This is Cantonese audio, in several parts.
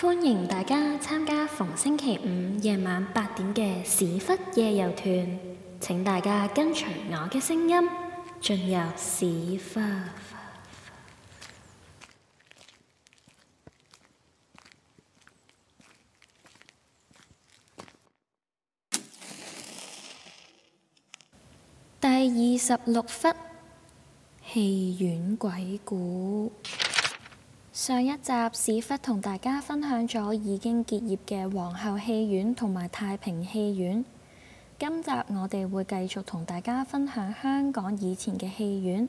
歡迎大家參加逢星期五夜晚八點嘅史窟夜遊團。請大家跟隨我嘅聲音進入史窟。 第二十六窟，戲院鬼故。上一集史窟同大家分享咗已經結業嘅皇后戲院同埋太平戲院。今集我哋會繼續同大家分享香港以前嘅戲院。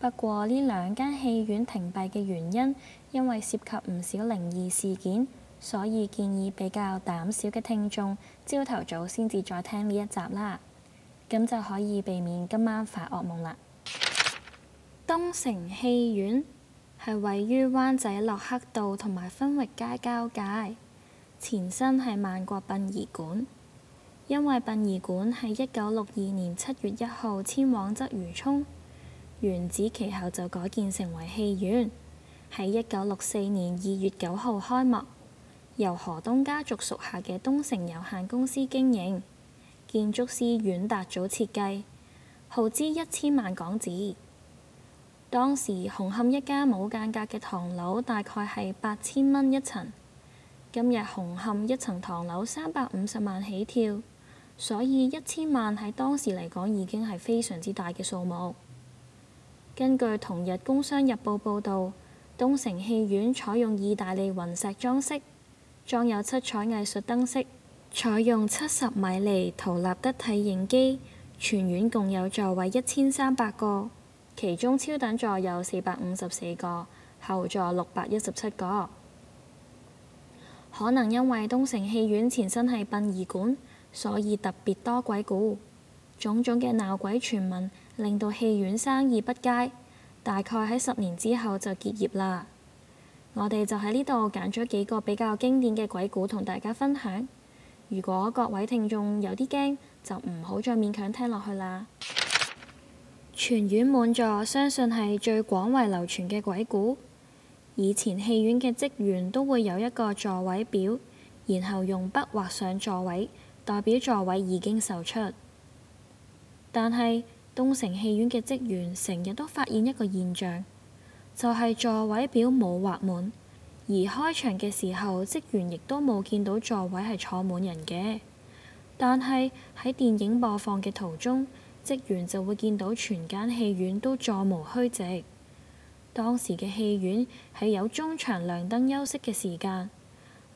不過呢兩間戲院停閉嘅原因，因為涉及唔少靈異事件，所以建議比較膽小嘅聽眾，朝頭早先至再聽呢一集啦。咁就可以避免今晚發噩夢啦。東城戲院。係位於灣仔洛克道同埋分域街交界，前身係萬國殯儀館。因為殯儀館喺一九六二年七月一號遷往鰂魚涌，原址其後就改建成為戲院，喺一九六四年二月九號開幕，由河東家族屬下嘅東城有限公司經營，建築師阮達祖設計，耗資一千萬港紙。當時紅磡一家冇間隔嘅唐樓大概係八千蚊一層，今日紅磡一層唐樓三百五十萬起跳，所以一千萬喺當時嚟講已經係非常之大嘅數目。根據同日工商日報報導，東城戲院採用意大利雲石裝飾，裝有七彩藝術燈飾，採用七十米釐圖立德體型機，全院共有座位一千三百個。其中超等座有四百五十四個，後座六百一十七個。可能因為東城戲院前身係殯儀館，所以特別多鬼故。種種嘅鬧鬼傳聞令到戲院生意不佳，大概喺十年之後就結業啦。我哋就喺呢度揀咗幾個比較經典嘅鬼故同大家分享。如果各位聽眾有啲驚，就唔好再勉強聽落去啦。全院滿座，相信係最廣為流傳嘅鬼故。以前戲院嘅職員都會有一個座位表，然後用筆畫上座位，代表座位已經售出。但係東城戲院嘅職員成日都發現一個現象，就係、是、座位表冇畫滿，而開場嘅時候職員亦都冇見到座位係坐滿人嘅。但係喺電影播放嘅途中，職員就會見到全間戲院都座無虛席。當時嘅戲院係有中場亮燈休息嘅時間，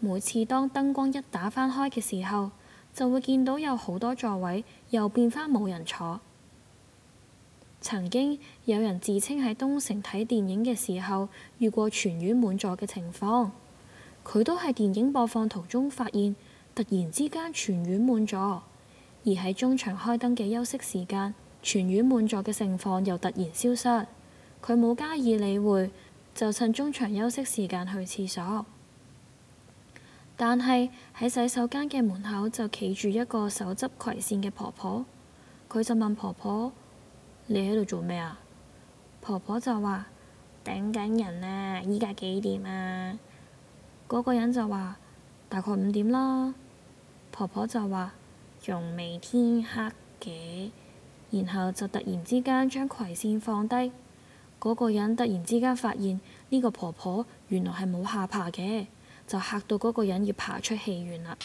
每次當燈光一打翻開嘅時候，就會見到有好多座位又變翻冇人坐。曾經有人自稱喺東城睇電影嘅時候遇過全院滿座嘅情況，佢都喺電影播放途中發現突然之間全院滿座。而喺中場開燈嘅休息時間，全院滿座嘅情況又突然消失。佢冇加以理會，就趁中場休息時間去廁所。但係喺洗手間嘅門口就企住一個手執葵扇嘅婆婆，佢就問婆婆：你喺度做咩啊？婆婆就話：頂緊人呢，啊，依家幾點啊？嗰個人就話：大概五點啦。婆婆就話，仲未天黑嘅，然後就突然之間將葵扇放低，嗰、那個人突然之間發現呢、這個婆婆原來係冇下巴嘅，就嚇到嗰個人要爬出戲院啦。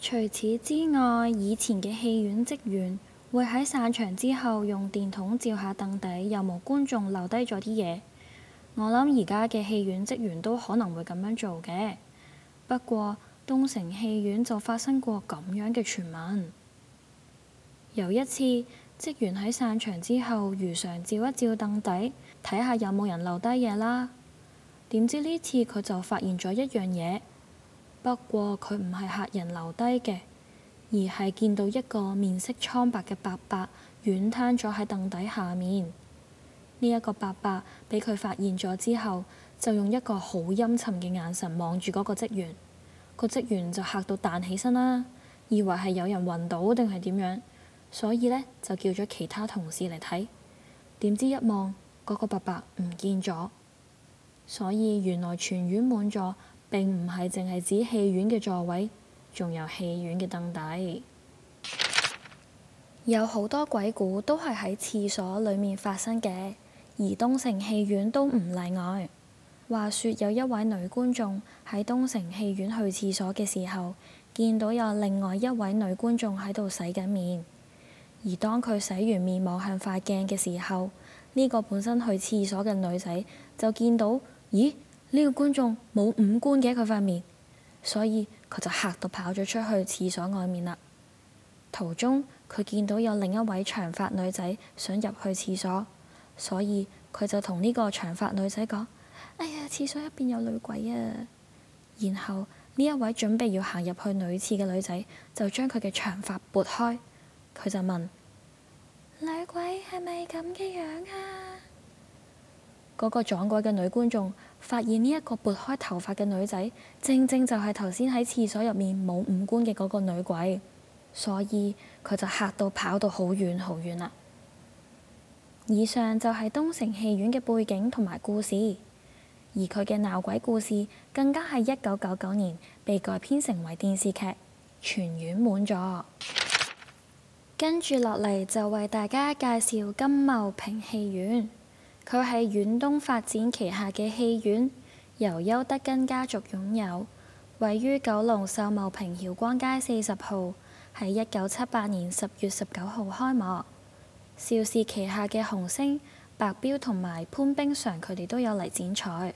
除此之外，以前嘅戲院職員會喺散場之後用電筒照下凳底，有冇觀眾留低咗啲嘢。我諗而家嘅戲院職員都可能會咁樣做嘅，不過。東城戲院就發生過咁樣嘅傳聞。有一次，職員喺散場之後，如常照一照凳底，睇下有冇人留低嘢啦。點知呢次佢就發現咗一樣嘢，不過佢唔係客人留低嘅，而係見到一個面色蒼白嘅伯伯，軟攤咗喺凳底下面。呢一個伯伯俾佢發現咗之後，就用一個好陰沉嘅眼神望住嗰個職員。個職員就嚇到彈起身啦，以為係有人暈倒定係點樣，所以呢，就叫咗其他同事嚟睇。點知一望，嗰個伯伯唔見咗，所以原來全院滿座，並唔係淨係指戲院嘅座位，仲有戲院嘅凳底。有好多鬼故都係喺廁所裡面發生嘅，而東城戲院都唔例外。話說，有一位女觀眾喺東城戲院去廁所嘅時候，見到有另外一位女觀眾喺度洗緊面。而當佢洗完面望向塊鏡嘅時候，呢個本身去廁所嘅女仔就見到咦，呢個觀眾冇五官嘅佢塊面，所以佢就嚇到跑咗出去廁所外面啦。途中佢見到有另一位長髮女仔想入去廁所，所以佢就同呢個長髮女仔講。哎呀！廁所入面有女鬼啊！然後呢一位準備要行入去女廁嘅女仔就將佢嘅長髮撥開，佢就問女鬼係咪咁嘅樣啊？嗰個撞鬼嘅女觀眾發現呢一個撥開頭髮嘅女仔，正正就係頭先喺廁所入面冇五官嘅嗰個女鬼，所以佢就嚇到跑到好遠好遠啦。以上就係東城戲院嘅背景同埋故事。而佢嘅鬧鬼故事更加係一九九九年被改編成為電視劇《全院滿座》。跟住落嚟就為大家介紹金茂平戲院，佢係遠東發展旗下嘅戲院，由邱德根家族擁有，位於九龍秀茂坪曉光街四十號，喺一九七八年十月十九號開幕。邵氏旗下嘅紅星。白彪同埋潘冰常佢哋都有嚟剪彩。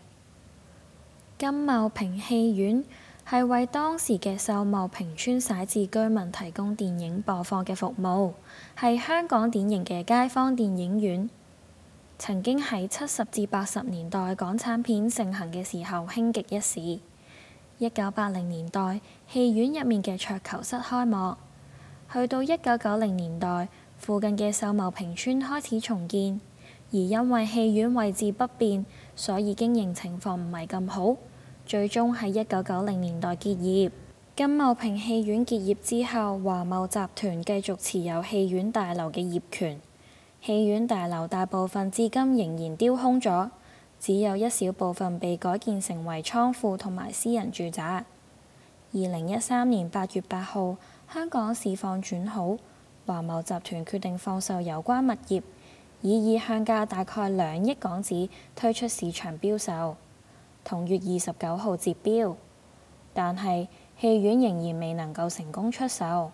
金茂坪戲院係為當時嘅秀茂坪村徙置居民提供電影播放嘅服務，係香港典型嘅街坊電影院。曾經喺七十至八十年代港產片盛行嘅時候，興極一時。一九八零年代戲院入面嘅桌球室開幕，去到一九九零年代附近嘅秀茂坪村開始重建。而因為戲院位置不便，所以經營情況唔係咁好，最終喺一九九零年代結業。金茂坪戲院結業之後，華茂集團繼續持有戲院大樓嘅業權。戲院大樓大部分至今仍然丟空咗，只有一小部分被改建成為倉庫同埋私人住宅。二零一三年八月八號，香港市況轉好，華茂集團決定放售有關物業。以意向價大概兩億港紙推出市場標售，同月二十九號截標，但係戲院仍然未能夠成功出售。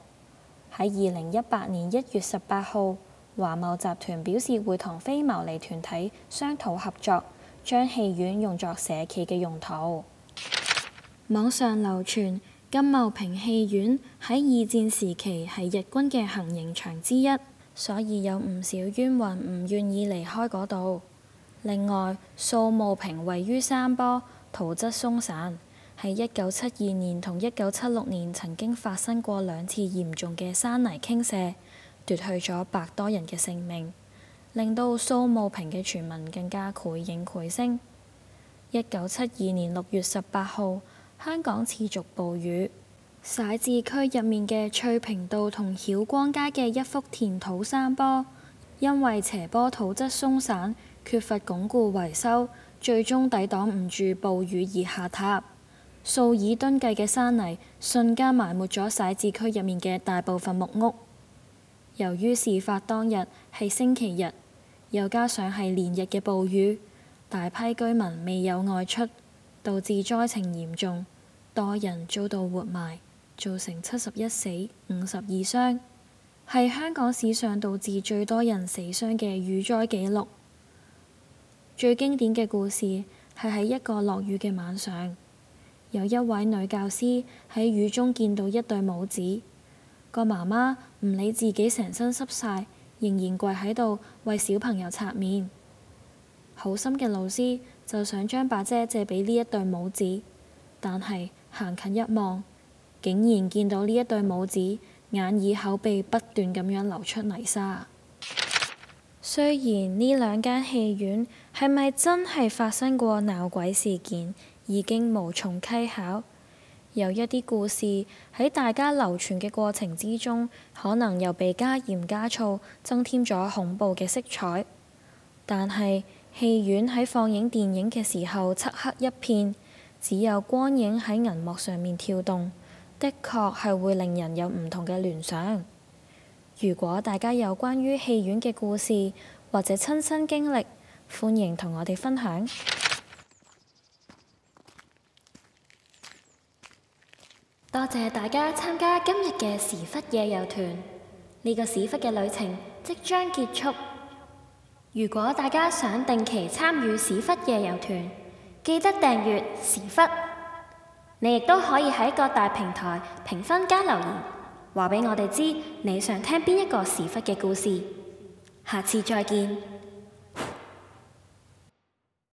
喺二零一八年一月十八號，華懋集團表示會同非牟利團體商討合作，將戲院用作社企嘅用途。網上流傳金茂坪戲院喺二戰時期係日軍嘅行刑場之一。所以有唔少冤魂唔願意離開嗰度。另外，秀茂坪位於山坡，土質鬆散，喺一九七二年同一九七六年曾經發生過兩次嚴重嘅山泥傾瀉，奪去咗百多人嘅性命，令到秀茂坪嘅傳聞更加繪影繪聲。一九七二年六月十八號，香港持續暴雨。徙置區入面嘅翠屏道同曉光街嘅一幅填土山坡，因為斜坡土質鬆散，缺乏鞏固維修，最終抵擋唔住暴雨而下塌。數以噸計嘅山泥瞬間埋沒咗徙置區入面嘅大部分木屋。由於事發當日係星期日，又加上係連日嘅暴雨，大批居民未有外出，導致災情嚴重，多人遭到活埋。造成七十一死五十二傷，係香港史上導致最多人死傷嘅雨災記錄。最經典嘅故事係喺一個落雨嘅晚上，有一位女教師喺雨中見到一對母子，個媽媽唔理自己成身濕晒，仍然跪喺度為小朋友擦面。好心嘅老師就想將把遮借俾呢一對母子，但係行近一望，竟然見到呢一對母子眼耳口鼻不斷咁樣流出泥沙。雖然呢兩間戲院係咪真係發生過鬧鬼事件，已經無從稽考。有一啲故事喺大家流傳嘅過程之中，可能又被加鹽加醋，增添咗恐怖嘅色彩。但係戲院喺放映電影嘅時候，漆黑一片，只有光影喺銀幕上面跳動。的確係會令人有唔同嘅聯想。如果大家有關於戲院嘅故事或者親身經歷，歡迎同我哋分享。多謝大家參加今日嘅史窟夜遊團。呢個史窟嘅旅程即將結束。如果大家想定期參與史窟夜遊團，記得訂閱史窟。你亦都可以喺各大平台評分加留言，話俾我哋知你想聽邊一個史窟嘅故事。下次再見。